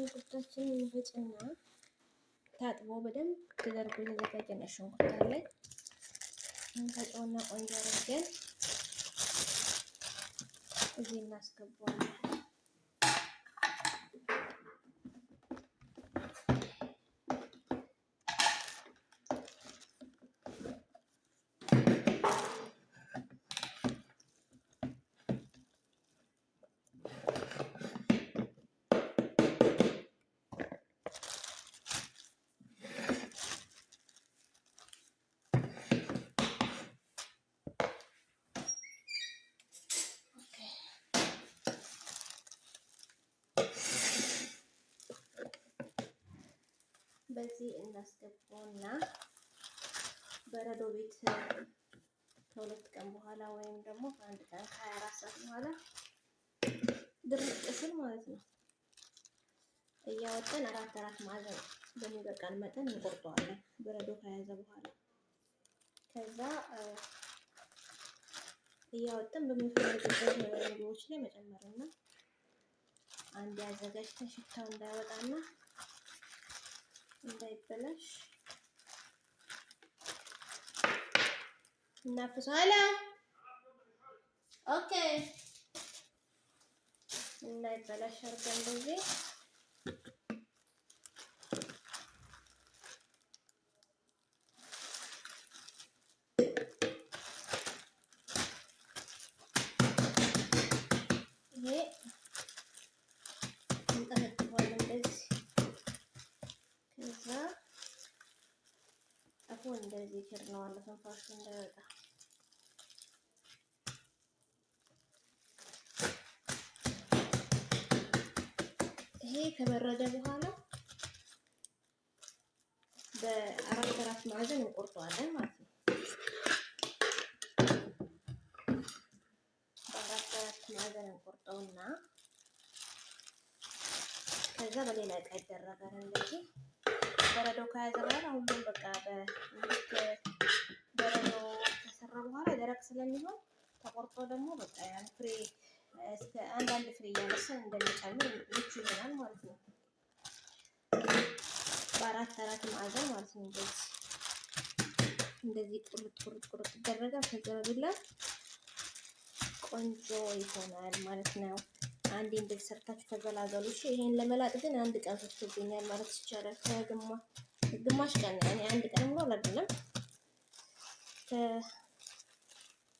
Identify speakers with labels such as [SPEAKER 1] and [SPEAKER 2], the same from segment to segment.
[SPEAKER 1] ሽንኩርታችንን እንፈጭና ታጥቦ በደንብ ተደርጎ የተዘጋጀና ሽንኩርት አለ እንፈጨውና ቆንጆ አድርገን እዚህ እናስገባዋለን። በዚህ እናስገባውና በረዶ ቤት ከሁለት ቀን በኋላ ወይም ደግሞ ከአንድ ቀን ከሀያ አራት ሰዓት በኋላ ድርቅ ስል ማለት ነው እያወጣን አራት አራት ማዕዘን በሚበቃን መጠን እንቆርጠዋለን። በረዶ ከያዘ በኋላ ከዛ እያወጣን በምንፈልግበት ምግቦች ላይ መጨመርና አንድ ያዘጋጅተን ሽታው እንዳይወጣና نفس هلا اوكي نبلش نركب الفيديو እያደረጉ እንደዚህ ክር ነው አለ ትንፋሹ እንዳይወጣ ይሄ ከበረደ በኋላ በአራት አራት ማዕዘን እንቆርጠዋለን ማለት ነው። በአራት አራት ማዕዘን እንቆርጠውና ከዛ በሌላ እቃ ይደረጋል። እንደዚህ በረዶ ከያዘ በኋላ አሁን ግን በቃ በረዶ ከሰራ በኋላ ደረቅ ስለሚሆን ተቆርጦ ደግሞ በቃ ያን ፍሬ እስከ አንዳንድ ፍሬ እያነሳን እንደሚጨምር ምቹ ይሆናል ማለት ነው። በአራት አራት ማዕዘን ማለት ነው። እንደዚህ እንደዚህ ቁርጥ ቁርጥ ቁርጥ ይደረጋል። ከዛ በኋላ ቆንጆ ይሆናል ማለት ነው። አንድ እንደዚህ ሰርታችሁ ተገላገሉ። እሺ ይሄን ለመላጥ ግን አንድ ቀን ፈጅቶብኛል ማለት ይቻላል። ከግማ ግማሽ ቀን እኔ አንድ ቀን ነው አይደለም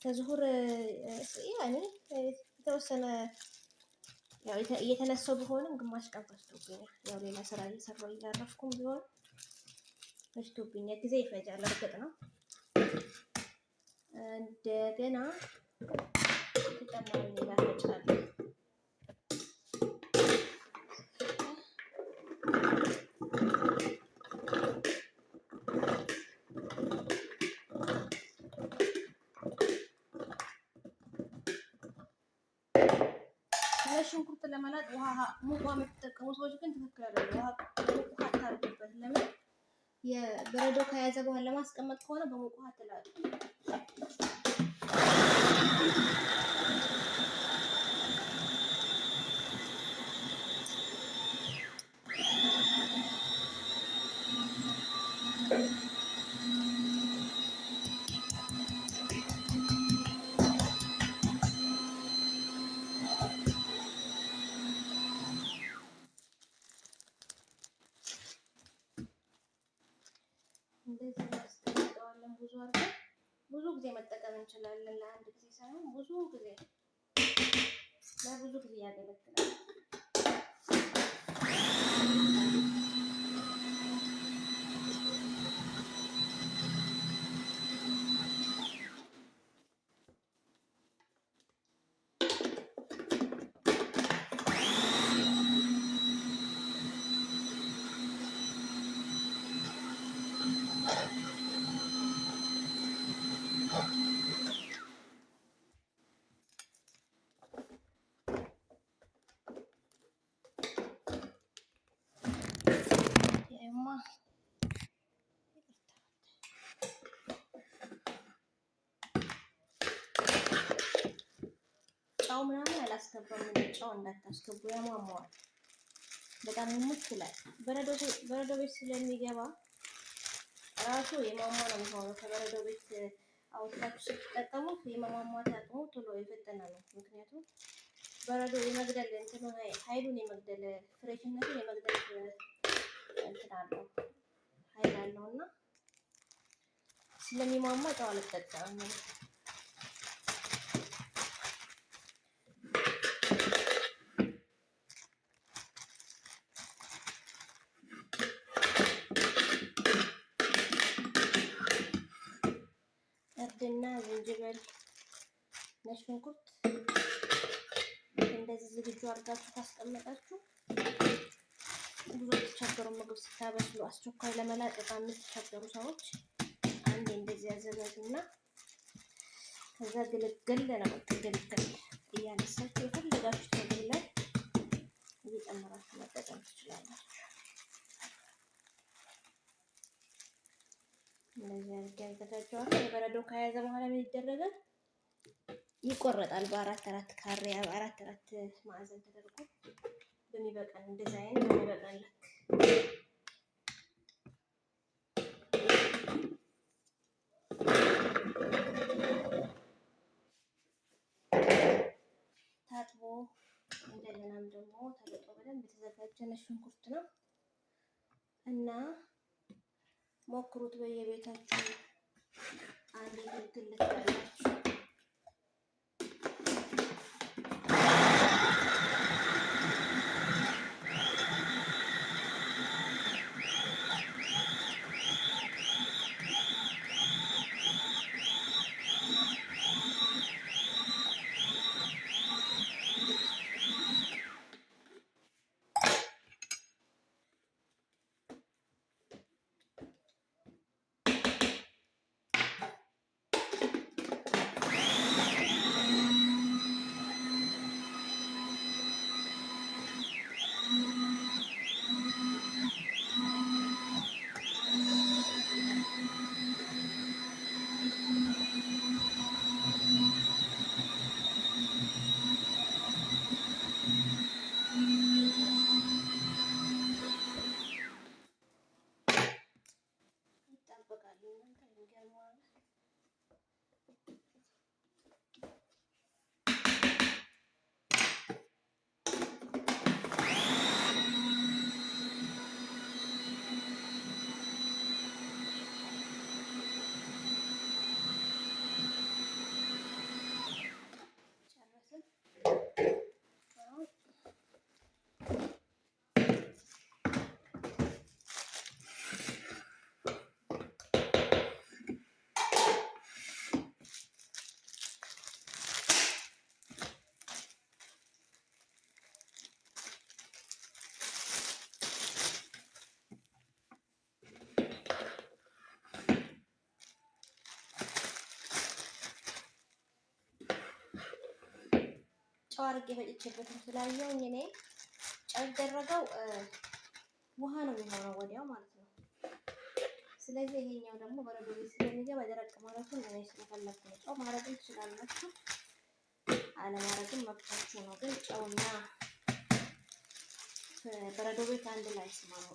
[SPEAKER 1] ከዝሁር ያኔ የተወሰነ ያው እየተነሳው ቢሆንም ግማሽ ቀን ፈጅቶብኛል። ያው ሌላ ስራ እየሰራሁ እያረፍኩም ቢሆን ፈጅቶብኛል። ጊዜ ይፈጃል እርግጥ ነው እንደገና ሙቋ የምትጠቀሙ ሰዎች ግን ትክክል አይደለም። ውሃ አታድርጉበት። ለምን የበረዶ ከያዘ በኋላ ለማስቀመጥ ከሆነ በሙቋ አትላጡ። እንደዚህ እናስቀምጠዋለን። ብዙ አድርገን ብዙ ጊዜ መጠቀም እንችላለን። ለአንድ ጊዜ ሳይሆን ብዙ ጊዜ ለብዙ ጊዜ ያገለግላል። ጨው ምናምን አላስገባም። ጨው እንዳታስገቡ ያሟሟዋል። በጣም ሙት ይላል። በረዶ ቤት ስለሚገባ ራሱ የማሟ ነው የሚሆነው። ከበረዶ ቤት አውጥታችሁ ስትጠቀሙት የማሟሟት አቅሙ ቶሎ የፈጠነ ነው። ምክንያቱም በረዶ የመግደል እንትን ኃይሉን የመግደል ፍሬሽነቱን የመግደል እንትን አለው ኃይል አለው እና ስለሚሟሟ ጨው አልጠቀምም። ነጭ ሽንኩርት እንደዚህ ዝግጁ አድርጋችሁ ካስቀመጣችሁ ብዙ የተቸገሩ ምግብ ስታበስሉ አስቸኳይ ለመላቀቅ የምትቸገሩ ሰዎች አንዴ እንደዚህ ያዘጋጁና ከዛ ግልግል ነው ግልግል እያነሳችሁ የፈለጋችሁት ምግብ ላይ እየጨመራችሁ መጠቀም ትችላላችሁ። እንደዚህ አድርጌ አዘጋጀዋለሁ። የበረዶ ከያዘ በኋላ ምን ይደረጋል? ይቆረጣል። በአራት አራት ካሬ አራት አራት ማዕዘን ተደርጎ በሚበቃን ዲዛይን በሚበቃን ልክ ታጥቦ እንደገናም ደግሞ ተለጦ በደንብ የተዘጋጀ ነጭ ሽንኩርት ነው እና ሞክሩት በየቤታችሁ አንድ ግልግል ጨው አድርጌ ፈጭቼበትም ስላየሁኝ እኔ ጨው ይደረገው ውሃ ነው የሚሆነው ወዲያው ማለት ነው። ስለዚህ ይሄኛው ደግሞ በረዶ ቤት ስለሚገባ ደረቅ ማለቱን እኔ ስለፈለኩ ነው። ጨው ማድረግ ትችላላችሁ፣ አለማድረግም መብታችሁ ነው። ግን ጨውና በረዶ ቤት አንድ ላይ ስማሙ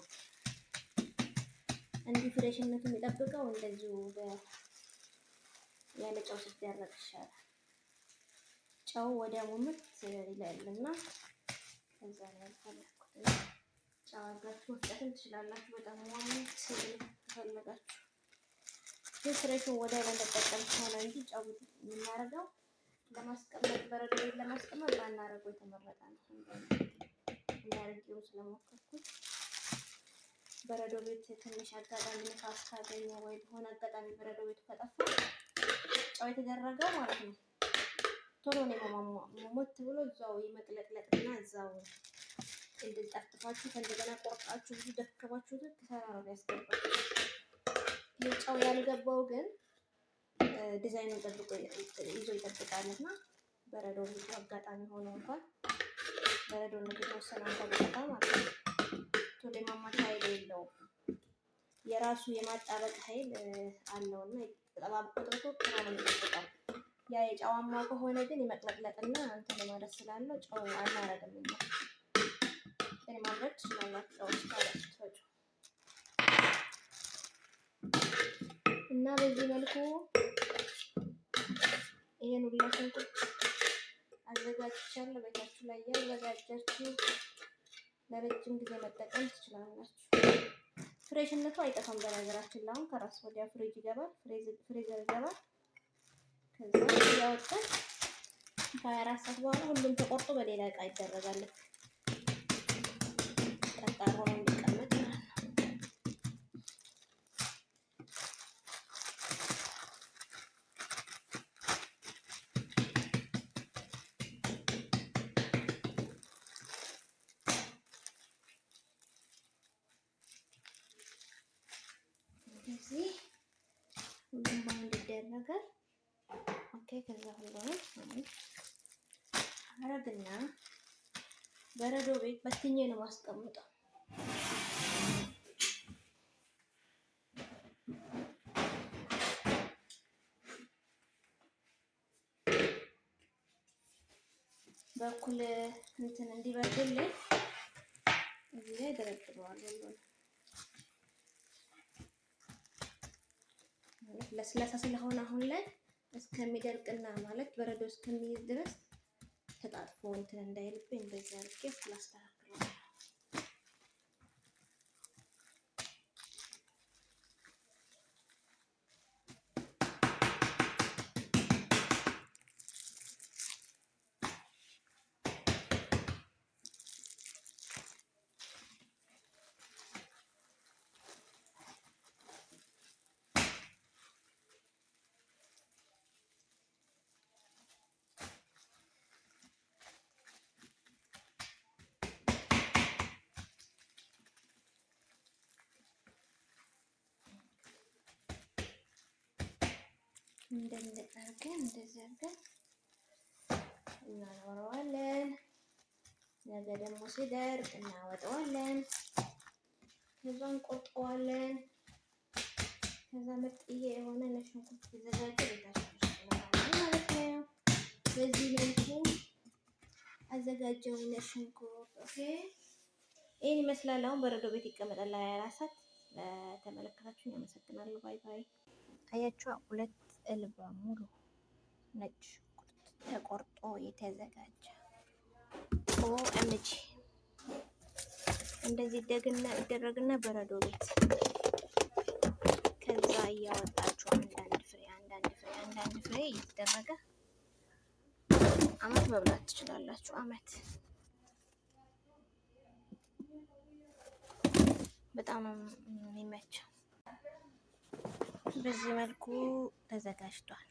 [SPEAKER 1] እንዲህ ፍሬሽነቱ የሚጠብቀው እንደዚሁ ያለ ጨው ሲደረግ ይሻላል። ጨው ወደ ሙምት ይላልና ከዛ ላይ ፈለኩት ጨው አድርጋችሁ መፍጨትም ትችላላችሁ። በጣም ሙምት ፈለጋችሁ ግን ወደ ላይ ለመጠቀም ከሆነ እንጂ ጨው የምናደርገው ለማስቀመጥ በረዶ ላይ ለማስቀመጥ ባናደርገው የተመረጠ ነው። እንዳደርገው ስለሞከርኩት በረዶ ቤት ትንሽ አጋጣሚ ንፋስ ካገኘ ወይ በሆነ አጋጣሚ በረዶ ቤት ከጠፋ ጨው የተደረገው ማለት ነው። ቶሎ ነው ሞሞት ብሎ እዛው የመቅለጥለጥና እዛው እንድል ጠፍጥፋችሁ ከእንደገና ቆርጣችሁ ብዙ ደከባችሁ ልክ ሰራ ነው ያስገባል። ጨው ያልገባው ግን ዲዛይኑን ጠብቆ ይዞ ይጠብቃልና በረዶ አጋጣሚ ሆኖ እንኳን በረዶ እንደተወሰነ እንኳን ቢጠፋ ማለት ነው ቶሎ የማማት ኃይል የለውም። የራሱ የማጣበቅ ኃይል አለውና ጠባብ ቆጥርቶ ክራ ነው ይጠብቃል። ያ የጨዋማ ከሆነ ግን የመቅለጥለጥና እንትን ለማድረግ ስላለው ጨው አናረግም። እኛ ግን ማድረግ ትችላላችሁ ጨው ስታረግቶች እና በዚህ መልኩ ይሄን ሁላ ሽንኩርት አዘጋጅቻለሁ። ቤታችሁ ላይ ያዘጋጃችሁ ለረጅም ጊዜ መጠቀም ትችላላችሁ። ፍሬሽነቱ አይጠፋም። በነገራችን ላይ አሁን ከራስ ወዲያ ፍሬጅ ይገባል፣ ፍሬዘር ይገባል። ከዛ ያወጣን ከ ሰዓት በኋላ ሁሉም ተቆርጦ በሌላ እቃ ይደረጋል። ጠጣር ሆኖ እንዲቀመጥ ሁሉም ከዛ ሁሉ አረግና በረዶ ቤት በትኜ ነው ማስቀምጠው። በኩል እንትን እንዲበርድልኝ እዚህ ላይ ደረድረዋል። ሁሉንም ለስላሳ ስለሆነ አሁን ላይ እስከሚደርቅና ማለት በረዶ እስከሚይዝ ድረስ ተጣጥፎ እንትን እንዳይልብኝ በዚህ አድርጌ ላስተካክል እንደዚህ አድርገን እናኖረዋለን። ነገ ደግሞ ሲደርቅ እናወጣዋለን። ከዛ እንቆርጠዋለን። ከዛ ምርጥዬ የሆነ ነጭ ተዘጋጀ ቤታችን ማለት ነው። በዚህ መልኩ አዘጋጀው ኦኬ። ይህን ይመስላል። አሁን በረዶ ቤት ይቀመጣል ለሀያ አራት ሰዓት። ባይ ባይ። አያችሁ ሁለት ሙሉ በሙሉ ነጭ ሽንኩርት ተቆርጦ የተዘጋጀ ኦ ኦኤምጂ እንደዚህ ደግና ይደረግና በረዶ ቤት ከዛ እያወጣችሁ አንዳንድ ፍሬ አንዳንድ ፍሬ አንዳንድ ፍሬ እየተደረገ አመት መብላት ትችላላችሁ። አመት በጣም ነው የሚመቸው። በዚህ መልኩ ተዘጋጅቷል።